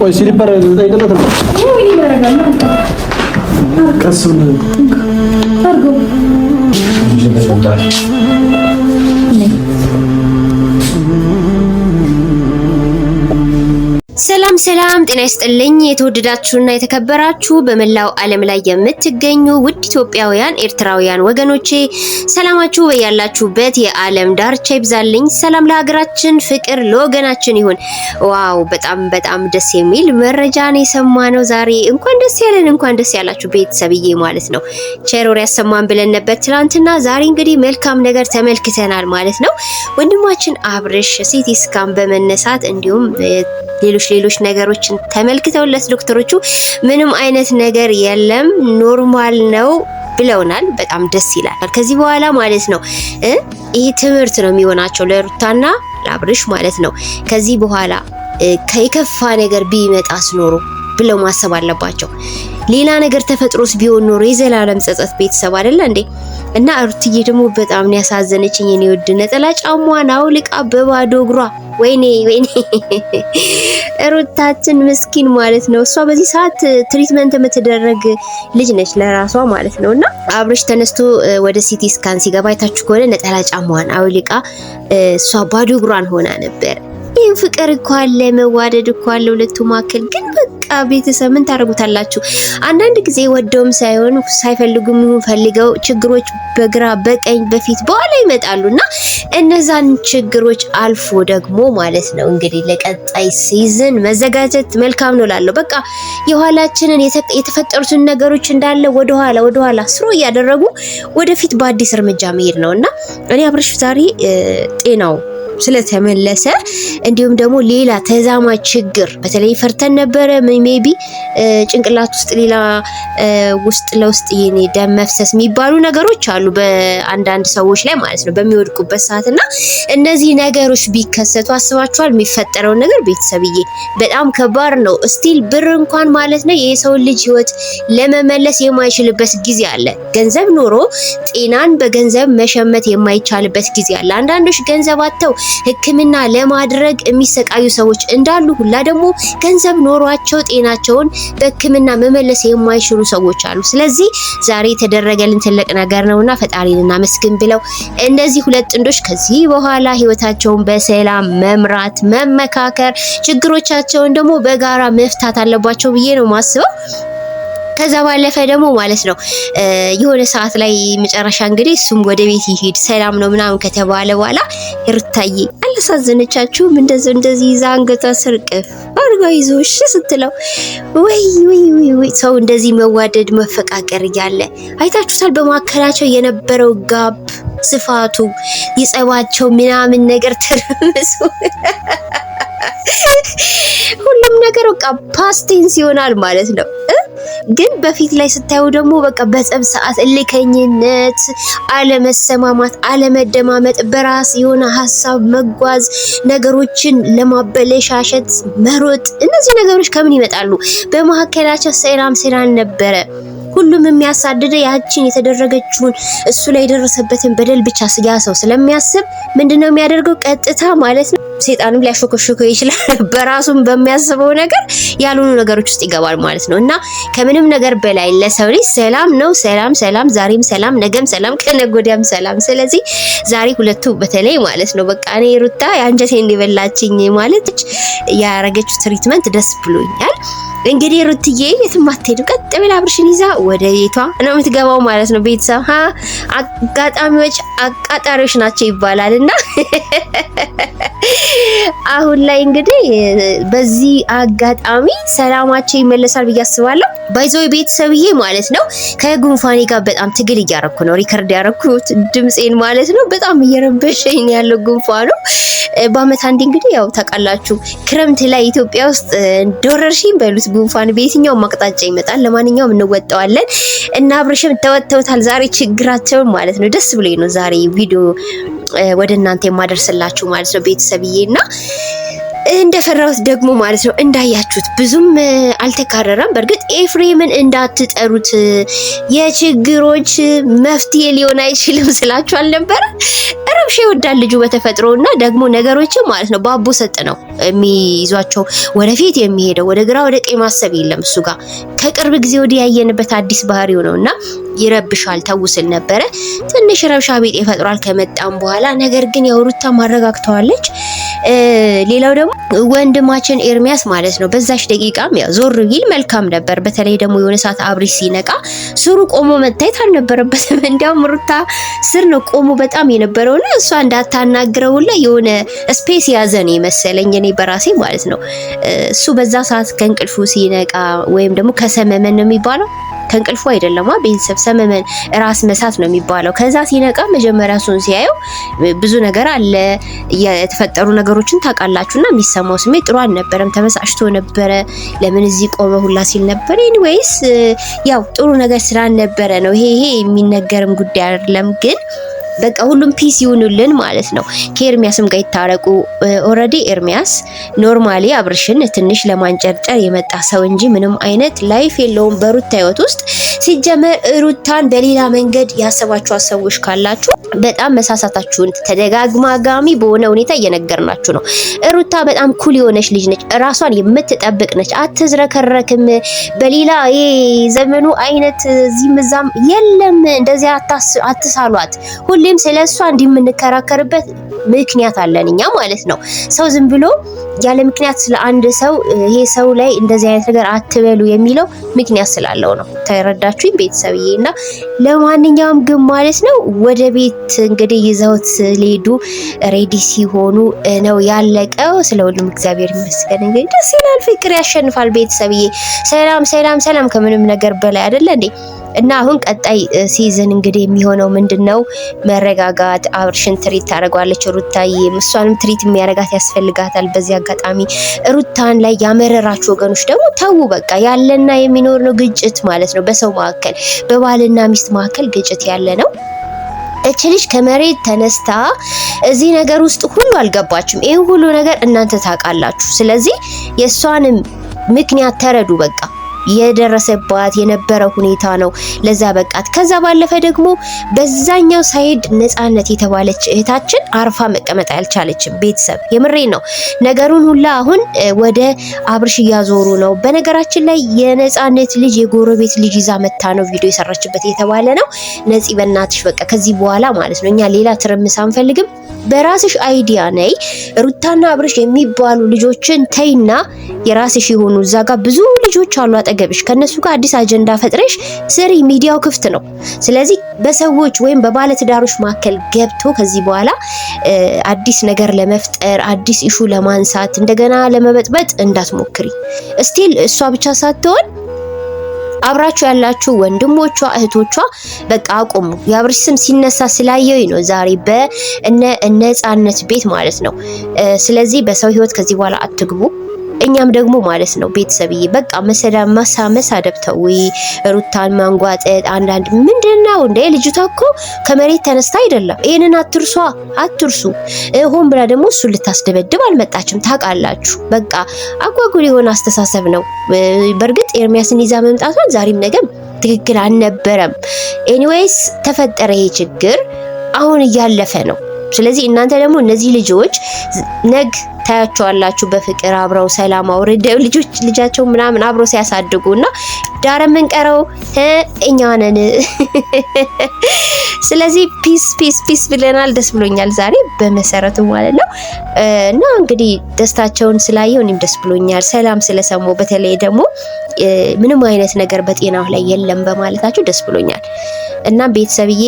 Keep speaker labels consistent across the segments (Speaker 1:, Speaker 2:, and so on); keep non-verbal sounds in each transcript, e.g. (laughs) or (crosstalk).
Speaker 1: ቆይ ሲሊፐር ጠይቅለት ነው። ቀስ ሰላም ሰላም፣ ጤና ይስጥልኝ የተወደዳችሁና የተከበራችሁ በመላው ዓለም ላይ የምትገኙ ውድ ኢትዮጵያውያን ኤርትራውያን ወገኖቼ ሰላማችሁ በያላችሁበት የዓለም ዳርቻ ይብዛልኝ። ሰላም ለሀገራችን፣ ፍቅር ለወገናችን ይሁን። ዋው በጣም በጣም ደስ የሚል መረጃን የሰማነው ዛሬ። እንኳን ደስ ያለን፣ እንኳን ደስ ያላችሁ ቤተሰብዬ ማለት ነው። ቸሮር ያሰማን ብለን ነበር ዛሬ እንግዲህ መልካም ነገር ተመልክተናል ማለት ነው። ወንድማችን አብርሽ ሲቲ ስካን በመነሳት እንዲሁም ሌሎች ሌሎች ሌሎች ነገሮችን ተመልክተውለት ዶክተሮቹ ምንም አይነት ነገር የለም ኖርማል ነው ብለውናል። በጣም ደስ ይላል። ከዚህ በኋላ ማለት ነው ይህ ትምህርት ነው የሚሆናቸው ለሩታና ለአብርሽ ማለት ነው። ከዚህ በኋላ ከየከፋ ነገር ቢመጣ ኖሮ ብለው ማሰብ አለባቸው። ሌላ ነገር ተፈጥሮስ ቢሆን ኖሮ የዘላለም ጸጸት ቤተሰብ አይደለ እንዴ? እና እሩትዬ ደግሞ በጣም ነው ያሳዘነችኝ። የኔ ውድ ነጠላ ጫሟን አውልቃ በባዶ እግሯ ወይኔ ወይኔ (laughs) ሩታችን ምስኪን ማለት ነው። እሷ በዚህ ሰዓት ትሪትመንት የምትደረግ ልጅ ነች ለራሷ ማለት ነው። እና አብርሽ ተነስቶ ወደ ሲቲ ስካን ሲገባ አይታችሁ ከሆነ ነጠላ ጫሟን አውልቃ እሷ ባዶ እግሯን ሆና ነበር። ይህ ፍቅር እኮ አለ፣ መዋደድ እኮ አለ ሁለቱ መካከል ግን በቃ በቃ ቤተሰብ ምን ታደርጉታላችሁ? አንዳንድ ጊዜ ወደውም ሳይሆን ሳይፈልጉም ይሁን ፈልገው ችግሮች በግራ በቀኝ በፊት በኋላ ይመጣሉ እና እነዛን ችግሮች አልፎ ደግሞ ማለት ነው እንግዲህ ለቀጣይ ሲዝን መዘጋጀት መልካም ነው ላለው በቃ የኋላችንን የተፈጠሩትን ነገሮች እንዳለ ወደኋላ ወደኋላ ስሮ እያደረጉ ወደፊት በአዲስ እርምጃ መሄድ ነው እና እኔ አብርሽ ዛሬ ጤናው ስለተመለሰ እንዲሁም ደግሞ ሌላ ተዛማጅ ችግር በተለይ ፈርተን ነበረ ሜቢ ጭንቅላት ውስጥ ሌላ ውስጥ ለውስጥ ይሄኔ ደም መፍሰስ የሚባሉ ነገሮች አሉ በአንዳንድ ሰዎች ላይ ማለት ነው በሚወድቁበት ሰዓት እና እነዚህ ነገሮች ቢከሰቱ አስባችኋል የሚፈጠረውን ነገር ቤተሰብዬ በጣም ከባድ ነው ስቲል ብር እንኳን ማለት ነው የሰው ልጅ ህይወት ለመመለስ የማይችልበት ጊዜ አለ ገንዘብ ኖሮ ጤናን በገንዘብ መሸመት የማይቻልበት ጊዜ አለ አንዳንዶች ገንዘብ አጥተው ሕክምና ለማድረግ የሚሰቃዩ ሰዎች እንዳሉ ሁላ ደግሞ ገንዘብ ኖሯቸው ጤናቸውን በሕክምና መመለስ የማይችሉ ሰዎች አሉ። ስለዚህ ዛሬ የተደረገልን ትልቅ ነገር ነውና ፈጣሪን እናመስግን ብለው እነዚህ ሁለት ጥንዶች ከዚህ በኋላ ህይወታቸውን በሰላም መምራት፣ መመካከር፣ ችግሮቻቸውን ደግሞ በጋራ መፍታት አለባቸው ብዬ ነው ማስበው። ከዛ ባለፈ ደግሞ ማለት ነው የሆነ ሰዓት ላይ መጨረሻ እንግዲህ እሱም ወደ ቤት ይሄድ ሰላም ነው ምናምን ከተባለ በኋላ ሩታዬ አላሳዘነቻችሁም? እንደዚህ እንደዚህ ይዛ አንገቷ ስርቅ አርጋ ይዞ እሺ ስትለው ወይ ወይ ወይ ሰው እንደዚህ መዋደድ መፈቃቀር እያለ አይታችሁታል። በመካከላቸው የነበረው ጋብ ስፋቱ የጸባቸው ምናምን ነገር ተረምሶ (laughs) ሁሉም ነገር በቃ ፓስቴንስ ይሆናል ማለት ነው። ግን በፊት ላይ ስታዩ ደግሞ በቃ በጸብ ሰዓት እልከኝነት፣ አለመሰማማት፣ አለመደማመጥ፣ በራስ የሆነ ሀሳብ መጓዝ፣ ነገሮችን ለማበለሻሸት መሮጥ፣ እነዚህ ነገሮች ከምን ይመጣሉ? በመካከላቸው ሰላም ሰላም ነበረ። ሁሉም የሚያሳድደ ያችን የተደረገችውን እሱ ላይ የደረሰበትን በደል ብቻ ያ ሰው ስለሚያስብ ምንድነው የሚያደርገው ቀጥታ ማለት ነው ሴጣንም ሊያሾከሾከው ይችላል። (laughs) በራሱም በሚያስበው ነገር ያልሆኑ ነገሮች ውስጥ ይገባል ማለት ነው እና ከምንም ነገር በላይ ለሰው ልጅ ሰላም ነው። ሰላም ሰላም፣ ዛሬም ሰላም፣ ነገም ሰላም፣ ከነገ ወዲያም ሰላም። ስለዚህ ዛሬ ሁለቱ በተለይ ማለት ነው በቃ እኔ ሩታ የአንጀቴን የበላችኝ ማለት ያረገችው ትሪትመንት ደስ ብሎኛል። እንግዲህ ሩትዬ የትም አትሄዱ። ቀጥ ብላ አብርሽን ይዛ ወደ ቤቷ ነው የምትገባው ማለት ነው። ቤተሰብ ሀ አጋጣሚዎች አቃጣሪዎች ናቸው ይባላል እና አሁን ላይ እንግዲህ በዚህ አጋጣሚ ሰላማቸው ይመለሳል ብዬ አስባለሁ። ባይዞ ቤተሰብዬ ማለት ነው ከጉንፋኔ ጋር በጣም ትግል እያረኩ ነው። ሪከርድ ያረኩት ድምፄን ማለት ነው። በጣም እየረበሸኝ ያለው ጉንፋኑ በአመት አንዴ እንግዲህ ያው ታውቃላችሁ ክረምት ላይ ኢትዮጵያ ውስጥ እንደወረርሽኝ በሉት ጉንፋን በየትኛውም አቅጣጫ ይመጣል። ለማንኛውም እንወጣዋለን እና አብርሽም ተወጥተውታል ዛሬ ችግራቸውን ማለት ነው። ደስ ብሎኝ ነው ዛሬ ቪዲዮ ወደ እናንተ የማደርስላችሁ ማለት ነው ቤተሰብዬ እና እንደፈራሁት ደግሞ ማለት ነው እንዳያችሁት ብዙም አልተካረረም። በእርግጥ ኤፍሬምን እንዳትጠሩት የችግሮች መፍትሄ ሊሆን አይችልም ስላችሁ አልነበረ? ረብሻ ይወዳል ልጁ በተፈጥሮ እና ደግሞ ነገሮችን ማለት ነው በአቦ ሰጥ ነው የሚይዟቸው። ወደፊት የሚሄደው ወደ ግራ ወደ ቀኝ ማሰብ የለም እሱ ጋር ከቅርብ ጊዜ ወዲህ ያየንበት አዲስ ባህሪው ነው እና ይረብሻል ተውስል ነበረ። ትንሽ ረብሻ ቤት ይፈጥሯል ከመጣም በኋላ ነገር ግን የውሩታ ማረጋግተዋለች። ሌላው ደግሞ ወንድማችን ኤርሚያስ ማለት ነው። በዛች ደቂቃም ያው ዞር ቢል መልካም ነበር። በተለይ ደግሞ የሆነ ሰዓት አብሪ ሲነቃ ስሩ ቆሞ መታየት አልነበረበትም። (laughs) እንዲያውም ሩታ ስር ነው ቆሞ በጣም የነበረውና እሷ እንዳታናግረውላ የሆነ ስፔስ ያዘ ነው የመሰለኝ እኔ በራሴ ማለት ነው። እሱ በዛ ሰዓት ከእንቅልፉ ሲነቃ ወይም ደግሞ ከሰመመን ነው የሚባለው ከእንቅልፉ አይደለም ቤተሰብ ሰመመን ራስ መሳት ነው የሚባለው። ከዛ ሲነቃ መጀመሪያ እሱን ሲያየው ብዙ ነገር አለ የተፈጠሩ ነገሮችን ታውቃላችሁ። እና የሚሰማው ስሜት ጥሩ አልነበረም። ተበሳጭቶ ነበረ። ለምን እዚህ ቆመ ሁላ ሲል ነበር። ኤኒዌይስ ያው ጥሩ ነገር ስላልነበረ ነው። ይሄ ይሄ የሚነገርም ጉዳይ አይደለም ግን በቃ ሁሉም ፒስ ይሁንልን ማለት ነው። ከኤርሚያስም ጋር ይታረቁ። ኦልሬዲ ኤርሚያስ ኖርማሊ አብርሽን ትንሽ ለማንጨርጨር የመጣ ሰው እንጂ ምንም አይነት ላይፍ የለውም በሩታ ህይወት ውስጥ። ሲጀመር ሩታን በሌላ መንገድ ያሰባችኋት ሰዎች ካላችሁ በጣም መሳሳታችሁን ተደጋግማጋሚ በሆነ ሁኔታ እየነገርናችሁ ነው። ሩታ በጣም ኩል የሆነች ልጅ ነች። ራሷን የምትጠብቅ ነች። አትዝረከረክም። በሌላ ዘመኑ አይነት እዚህም እዛም የለም። እንደዚያ አትሳሏት። ሁሌም ስለ እሷ እንዲምንከራከርበት ምክንያት አለን እኛ ማለት ነው። ሰው ዝም ብሎ ያለ ምክንያት ስለ አንድ ሰው ይሄ ሰው ላይ እንደዚህ አይነት ነገር አትበሉ የሚለው ምክንያት ስላለው ነው። ተረዳችሁኝ ቤተሰብዬ? እና ለማንኛውም ግን ማለት ነው ወደ ቤት እንግዲህ ይዘውት ሊሄዱ ሬዲ ሲሆኑ ነው ያለቀው። ስለ ሁሉም እግዚአብሔር ይመስገን። እንግዲህ ደስ ይላል፣ ፍቅር ያሸንፋል ቤተሰብዬ። ሰላም ሰላም ሰላም ከምንም ነገር በላይ አይደለ እንዴ? እና አሁን ቀጣይ ሲዝን እንግዲህ የሚሆነው ምንድን ነው? መረጋጋት። አብርሽን ትሪት ታደርጓለች ሩታዬ፣ እሷንም ትሪት የሚያደርጋት ያስፈልጋታል። በዚህ አጋጣሚ ሩታን ላይ ያመረራችሁ ወገኖች ደግሞ ተዉ፣ በቃ ያለና የሚኖር ነው ግጭት ማለት ነው። በሰው መካከል፣ በባልና ሚስት መካከል ግጭት ያለ ነው። እች ልጅ ከመሬት ተነስታ እዚህ ነገር ውስጥ ሁሉ አልገባችም። ይህ ሁሉ ነገር እናንተ ታውቃላችሁ። ስለዚህ የእሷንም ምክንያት ተረዱ በቃ የደረሰባት የነበረ ሁኔታ ነው ለዛ በቃት። ከዛ ባለፈ ደግሞ በዛኛው ሳይድ ነፃነት የተባለች እህታችን አርፋ መቀመጥ አልቻለችም። ቤተሰብ የምሬ ነው ነገሩን ሁላ አሁን ወደ አብርሽ እያዞሩ ነው። በነገራችን ላይ የነፃነት ልጅ የጎረቤት ልጅ ይዛ መታ ነው ቪዲዮ የሰራችበት የተባለ ነው። ነፂ በእናትሽ በቃ ከዚህ በኋላ ማለት ነው እኛ ሌላ ትርምስ አንፈልግም። በራስሽ አይዲያ ነይ። ሩታና አብርሽ የሚባሉ ልጆችን ተይና የራስሽ የሆኑ እዛ ጋር ብዙ ልጆች አሉ አጠገብሽ ከነሱ ጋር አዲስ አጀንዳ ፈጥረሽ ስሪ። ሚዲያው ክፍት ነው። ስለዚህ በሰዎች ወይም በባለትዳሮች መካከል ገብቶ ከዚህ በኋላ አዲስ ነገር ለመፍጠር አዲስ ኢሹ ለማንሳት እንደገና ለመበጥበጥ እንዳትሞክሪ። ስቲል እሷ ብቻ ሳትሆን አብራችሁ ያላችሁ ወንድሞቿ እህቶቿ፣ በቃ አቁሙ። የአብርሽ ስም ሲነሳ ስላየሁኝ ነው ዛሬ በእነ ነጻነት ቤት ማለት ነው። ስለዚህ በሰው ህይወት ከዚህ በኋላ አትግቡ። እኛም ደግሞ ማለት ነው ቤተሰብዬ በቃ መሰዳ ማሳመስ አደብተው ሩታን ማንጓጠጥ አንዳንድ ምንድነው እንደ ልጅቷ እኮ ከመሬት ተነስታ አይደለም። ይሄንን አትርሷ አትርሱ። ሆን ብላ ደግሞ እሱን ልታስደበድብ አልመጣችም። ታውቃላችሁ፣ በቃ አጓጉል የሆነ አስተሳሰብ ነው። በእርግጥ ኤርሚያስን ይዛ መምጣቷን ዛሬም ነገም ትክክል አልነበረም። ኤኒዌይስ ተፈጠረ ይሄ ችግር አሁን እያለፈ ነው። ስለዚህ እናንተ ደግሞ እነዚህ ልጆች ነግ ታያቸዋላችሁ በፍቅር አብረው ሰላም አውርደው ልጆች ልጃቸው ምናምን አብረው ሲያሳድጉ እና ዳር የምንቀረው እኛ ነን። ስለዚህ ፒስ ፒስ ፒስ ብለናል። ደስ ብሎኛል ዛሬ በመሰረቱ ማለት ነው። እና እንግዲህ ደስታቸውን ስላየው እኔም ደስ ብሎኛል። ሰላም ስለሰሙ በተለይ ደግሞ ምንም አይነት ነገር በጤናው ላይ የለም በማለታቸው ደስ ብሎኛል። እናም ቤተሰብዬ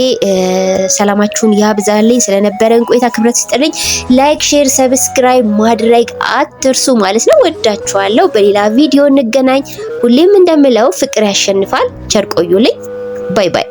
Speaker 1: ሰላማችሁን ያብዛልኝ። ስለነበረን ቆይታ ክብረት ስጥልኝ። ላይክ፣ ሼር፣ ሰብስክራይብ ማድረግ አትርሱ ማለት ነው። ወዳችኋለሁ። በሌላ ቪዲዮ እንገናኝ። ሁሌም እንደምለው ፍቅር ያሸንፋል። ቸር ቆዩልኝ። ባይ ባይ።